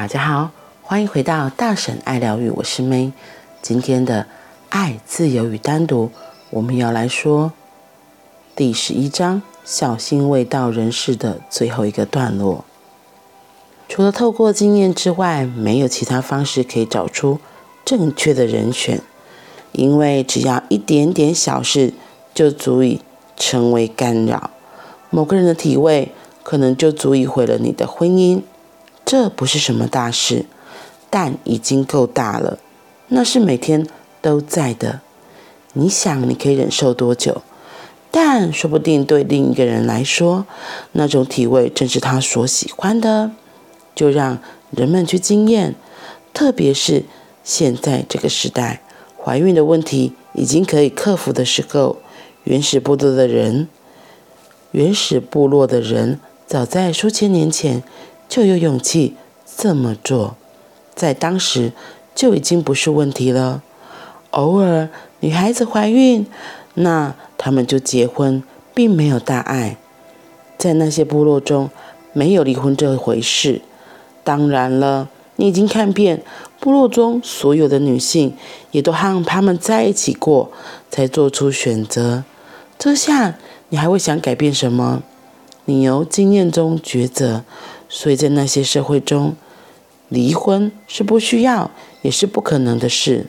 大家好，歡迎回到大神愛療愈，我是 May，今天的《愛、自由與單獨》，我們要來說第十一章“小心衛道人士”的最後一個段落。除了透過經驗之外，沒有其他方式可以找出正確的人選，因為只要一點點小事就足以成為干擾。某個人的體味可能就足以毀了你的婚姻。這不是什麼大事，但已經夠大了。那是每天都在的。你想，你可以忍受多久？但說不定對另一個人來說，那種體味正是他所喜歡的。就讓人們去經驗，特別是現在這個時代，懷孕的問題已經可以克服的時候，原始部落的人，原始部落的人，早在數千年前。就有勇氣這麼做，在當時就已經不是問題了。偶爾女孩子懷孕，那他們就結婚，並沒有大礙。在那些部落中，沒有離婚這回事。當然了，你已經看遍部落中所有的女性，也都和他們在一起過，才做出選擇。這下你還會想改變什麼？你由經驗中抉擇。所以在那些社會中，離婚是不需要，也是不可能的事。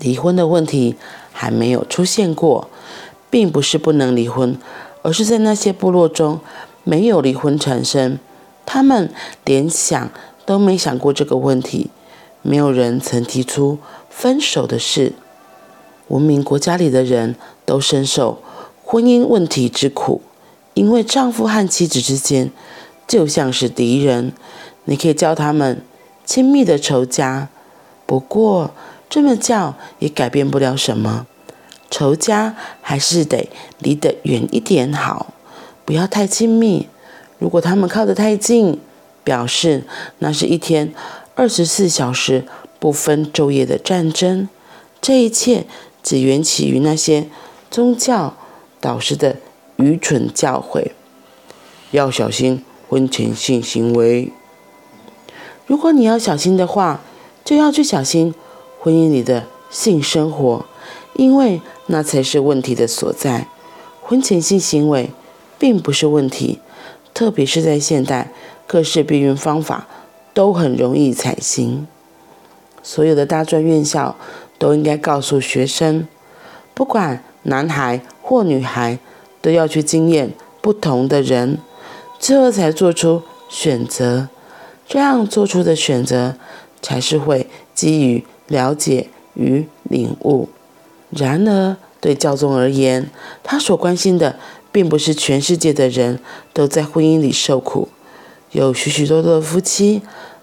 離婚的問題還沒有出現過，並不是不能離婚，而是在那些部落中沒有離婚產生，他們連想都沒想過這個問題，沒有人曾提出分手的事。文明國家裡的人都深受婚姻問題之苦。因為丈夫和妻子之間就像是敵人，你可以叫他們親密的仇家。不過這麼叫也改變不了什麼，仇家還是得離得遠一點好，不要太親密。如果他們靠得太近，表示那是一天二十四小時不分晝夜的戰爭。這一切只緣起於那些宗教導師的。愚蠢教誨，要小心婚前性行為。如果你要小心的話，就要去小心婚姻裡的性生活，因為那才是問題的所在。婚前性行為並不是問題，特別是在現代，各式避孕方法都很容易採行。所有的大專院校都應該告訴學生，不管男孩或女孩。都要去經驗不同的人，最後才做出選擇。這樣做出的選擇，才是會基於了解與領悟。然而，對教宗而言，他所關心的並不是全世界的人都在婚姻裡受苦，有許許多多的夫妻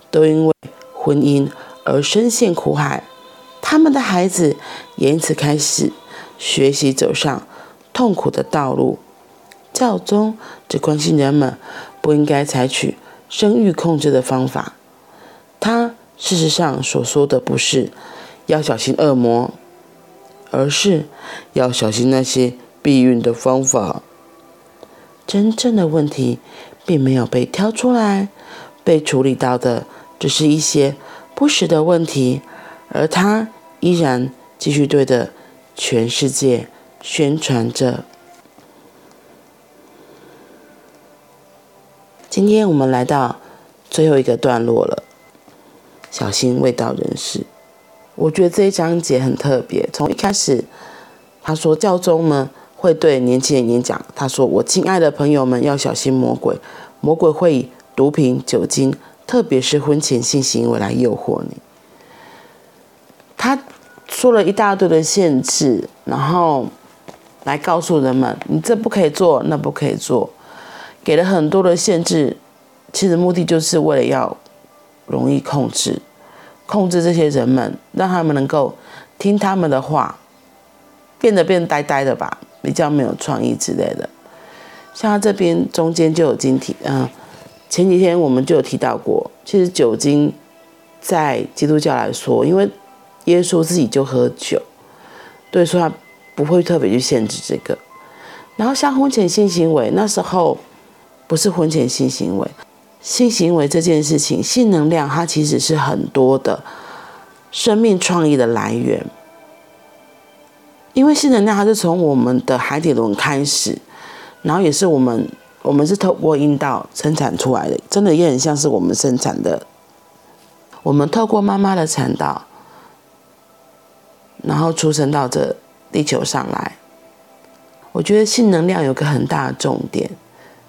都因為婚姻而深陷苦海，他們的孩子因此開始學習走上。痛苦的道路，教宗只關心人們不應該採取生育控制的方法。他事實上所說的不是要小心惡魔，而是要小心那些避孕的方法。真正的問題並沒有被挑出來，被處理到的，只是一些不實的問題，而他依然繼續對着全世界。宣傳着。今天我們來到最後一個段落了，小心衛道人士。我覺得這一章節很特別，從一開始，他說教宗呢會對年輕人演講，他說：“我親愛的朋友們，要小心魔鬼，魔鬼會以毒品、酒精，特別是婚前性行為來誘惑你。”他說了一大堆的限制，然後。來告訴人們，你這不可以做，那不可以做，給了很多的限制。其實目的就是為了要容易控制，控制這些人們，讓他們能夠聽他們的話，變得變呆呆的吧，比較沒有創意之類的。像他這邊中間就有晶體，嗯，前幾天我們就有提到過，其實酒精在基督教來說，因為耶穌自己就喝酒，對，說他。不會特別去限制這個，然後像婚前性行為，那時候不是婚前性行為。性行為這件事情，性能量它其實是很多的生命創意的來源，因為性能量它是從我們的海底輪開始，然後也是我們，我們是透過陰道生產出來的，真的也很像是我們生產的，我們透過媽媽的產道，然後出生到這地球上來，我覺得性能量有個很大的重點，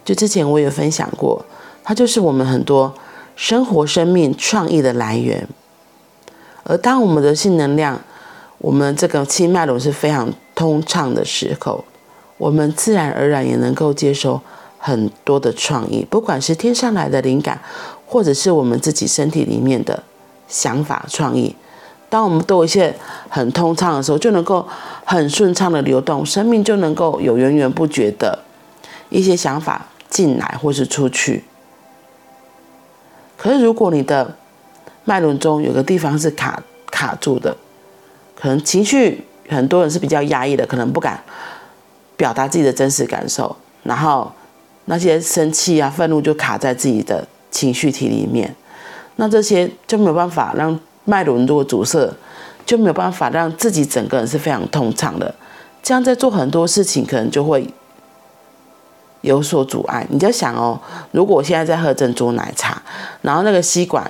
就之前我有分享過，它就是我們很多生活、生命、創意的來源。而當我們的性能量，我們這個氣脈輪是非常通暢的時候，我們自然而然也能夠接受很多的創意，不管是天上來的靈感，或者是我們自己身體裡面的想法創意。當我們都有一些很通暢的時候，就能夠。很順暢的流動，生命就能夠有源源不絕的一些想法進來或是出去。可是如果你的脈輪中有個地方是卡卡住的，可能情緒很多人是比較壓抑的，可能不敢表達自己的真實感受，然後那些生氣啊、憤怒就卡在自己的情緒體裡面，那這些就沒有辦法讓脈輪如果阻塞。就沒有辦法讓自己整個人是非常通暢的，這樣在做很多事情，可能就會有所阻礙。你就想哦，如果我現在在喝珍珠奶茶，然後那個吸管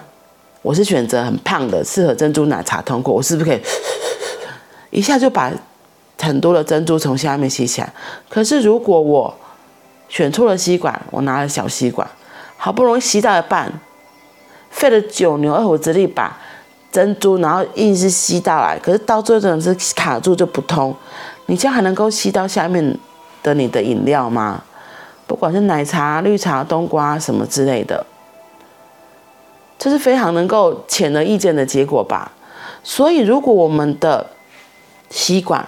我是選擇很胖的，適合珍珠奶茶通過，我是不是可以咳咳一下就把很多的珍珠從下面吸起來？可是如果我選錯了吸管，我拿了小吸管，好不容易吸到一半，費了九牛二虎之力把，珍珠，然後硬是吸到來，可是到最後真的是卡住就不通。你這樣還能夠吸到下面的你的飲料嗎？不管是奶茶、綠茶、冬瓜什麼之類的，這是非常能夠顯而易見的結果吧。所以，如果我們的吸管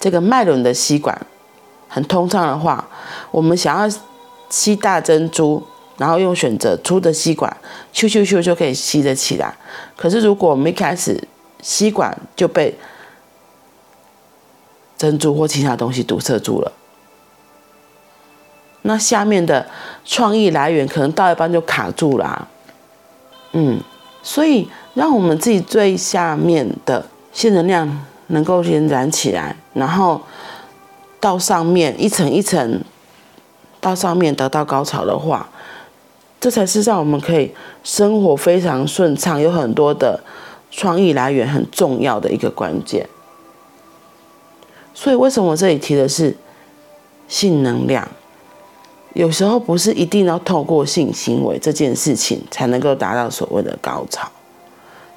這個脈輪的吸管很通暢的話，我們想要吸大珍珠。然後又選擇粗的吸管，咻咻咻就可以吸得起來。可是如果我們一開始吸管就被珍珠或其他東西堵塞住了，那下面的創意來源可能到一半就卡住了，啊。嗯，所以讓我們自己最下面的性能量能夠延展起來，然後到上面一層一層，到上面得到高潮的話。這才是讓我們可以生活非常順暢，有很多的創意來源很重要的一個關鍵。所以，為什麼我這裡提的是性能量？有時候不是一定要透過性行為這件事情才能夠達到所謂的高潮。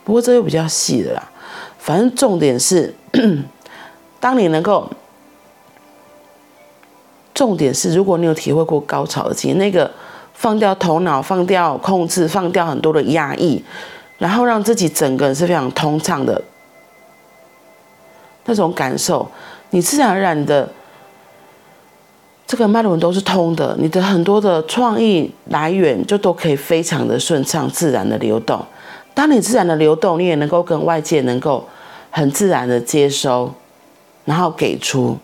不過，這又比較細的啦。反正重點是，當你能夠，重點是，如果你有體會過高潮的，的而且那個。放掉頭腦，放掉控制，放掉很多的壓抑，然後讓自己整個人是非常通暢的那種感受。你自然而然的這個脈輪都是通的，你的很多的創意來源就都可以非常的順暢、自然的流動。當你自然的流動，你也能夠跟外界能夠很自然的接收，然後給出，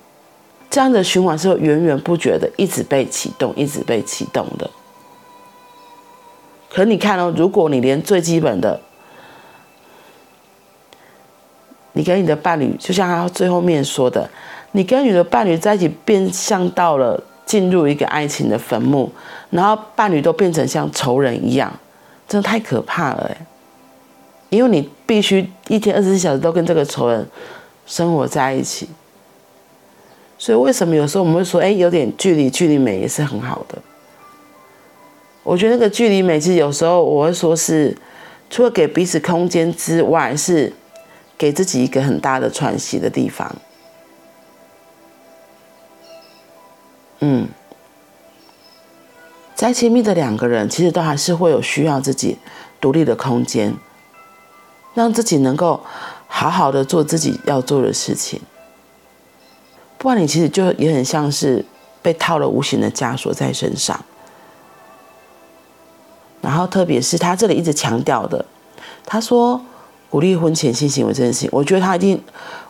這樣的循環是源源不絕的，一直被啟動，一直被啟動的。可你看哦，如果你連最基本的，你跟你的伴侶，就像他最後面說的，你跟你的伴侶在一起，變相到了進入一個愛情的墳墓，然後伴侶都變成像仇人一樣，真的太可怕了，哎，因為你必須一天二十四小時都跟這個仇人生活在一起，所以為什麼有時候我們會說，哎、欸，有點距離，距離美也是很好的。我覺得那個距離，每次有時候我會說是，除了給彼此空間之外，是給自己一個很大的喘息的地方。嗯，在親密的兩個人，其實都還是會有需要自己獨立的空間，讓自己能夠好好的做自己要做的事情。不然你其實就也很像是被套了無形的枷鎖在身上。特別是他這裡一直強調的，他說鼓勵婚前性行為這件事情，我覺得他一定，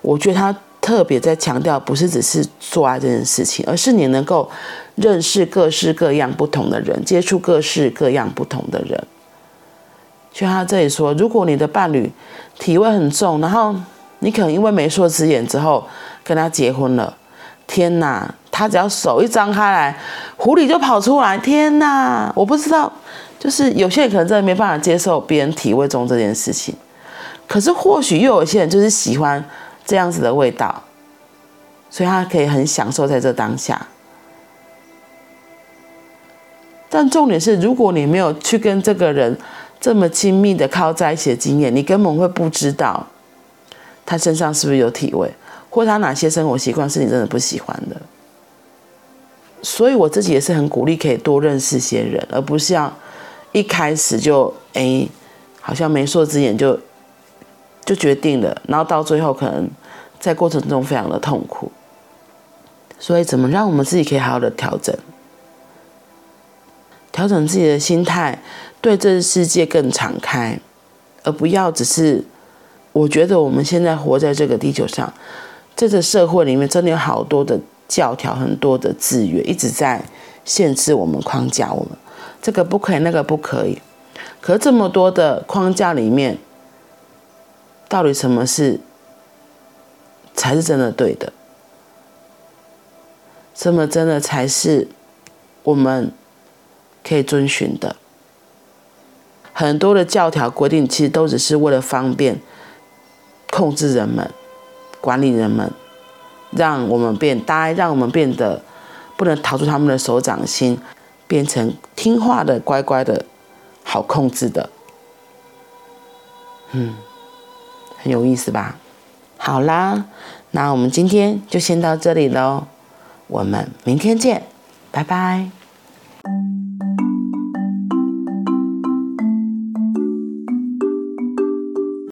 我覺得他特別在強調，不是只是做愛這件事情，而是你能夠認識各式各樣不同的人，接觸各式各樣不同的人。就他這裡說，如果你的伴侶體味很重，然後你可能因為媒妁之言之後跟他結婚了，天哪，他只要手一張開來，狐狸就跑出來，天哪，我不知道。就是有些人可能真的沒辦法接受別人體味重這件事情，可是或許又有些人就是喜歡這樣子的味道，所以他可以很享受在這當下。但重點是，如果你沒有去跟這個人這麼親密的靠在一起的經驗，你根本會不知道他身上是不是有體味，或他哪些生活習慣是你真的不喜歡的。所以我自己也是很鼓勵可以多認識一些人，而不像。一開始就哎、欸，好像媒妁之言就就決定了，然後到最後可能在過程中非常的痛苦，所以怎麼讓我們自己可以好好的調整，調整自己的心態，對這個世界更敞開，而不要只是我覺得我們現在活在這個地球上，這個社會裡面真的有好多的教條，很多的制約，一直在限制我們，框架我們。這個不可以，那個不可以。可這麼多的框架裡面，到底什麼是才是真的對的？什麼真的才是我們可以遵循的？很多的教條規定，其實都只是為了方便控制人們、管理人們，讓我們變呆，讓我們變得不能逃出他們的手掌心。變成聽話的乖乖的，好控制的。嗯，很有意思吧？好啦，那我們今天就先到這裡嘍。我們明天見，拜拜。